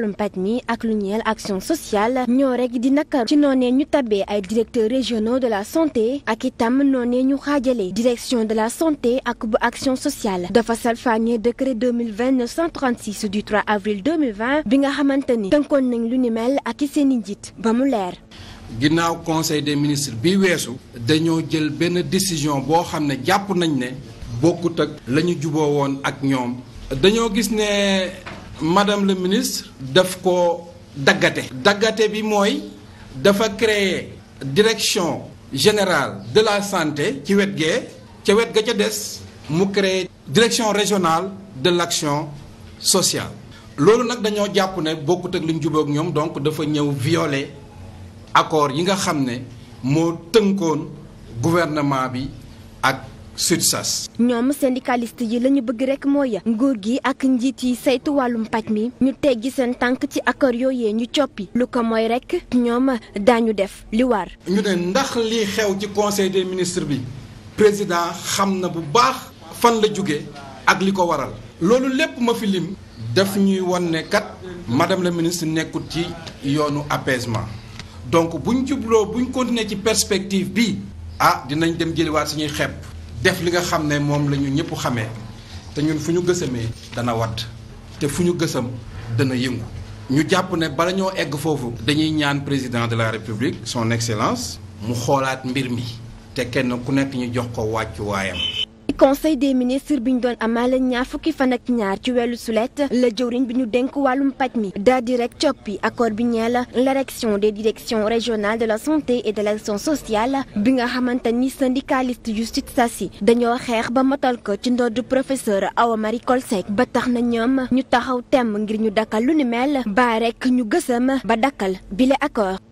wàllum paj mi ak lu ñeel action sociale ñoo rek di nakaru ci noonee ñu tabee ay directeurs régionaux de la santé ak itam noonee ñu xaajale direction de la santé ak bu action sociale dafa salfaañe décret 2020 936 du 3 avril 2020 bi nga xamante ni tënkoon nañ lu ni mel ak i seen i njiit ba mu leer ginnaaw conseil des ministre bi weesu dañoo jël benn décision boo xam ne jàpp nañ ne bokkut ak la ñu juboo woon ak ñoom dañoo gis ne madame le ministre daf ko daggate daggate bi mooy dafa créer direction générale de la santé ci wet gee ca wet ga ca des mu créer direction régionale de l'action sociale loolu nag dañoo jàpp ne bokkut ak li ñu ñoom donc dafa ñëw violer accord yi nga xam ne moo tënkoon gouvernement bi ak SUTSAS. ñoom syndicaliste yi la ñu bëgg rek mooy nguur gi ak njiit yi saytu wàllum paj mi ñu teggi seen tànk ci accord yee ñu coppi lu ko mooy rek ñoom daañu def li war. ñu ne ndax li xew ci conseil des ministres bi président xam na bu baax fan la jóge ak li ko waral loolu lépp ma fi lim. daf ñuy won ne kat madame la ministre nekkut ci yoonu apaisement donc buñ jubloo buñ continuer ci perspective bi ah dinañ dem jëliwaat suñuy xepp def li nga xam ne moom la ñu ñëpp xamee te ñun fu ñu gësamee dana wadd te fu ñu gësëm dana yëngu ñu jàpp ne bala ñoo egg foofu dañuy ñaan président de la république son excellence mu xoolaat mbir mi te kenn ku nekk ñu jox ko wàccuwaayam conseil des ministres bi ñu doon amaale ñaar fukki fan ak ñaar ci wàllu sulet la jëwriñ bi ñu dénk wàllum paj mi daal di rek coppi accord bi ñeel l'érection des directions régionales de la santé et de l'action sociale bi nga xamante ni syndicaliste justice sasi dañoo xeex ba matal ko ci ndodd professeur Awa Marie Coll ba tax na ñoom ñu taxaw temm ngir ñu dakkal lu ni mel ba rek ñu gësam ba dakkal bile accord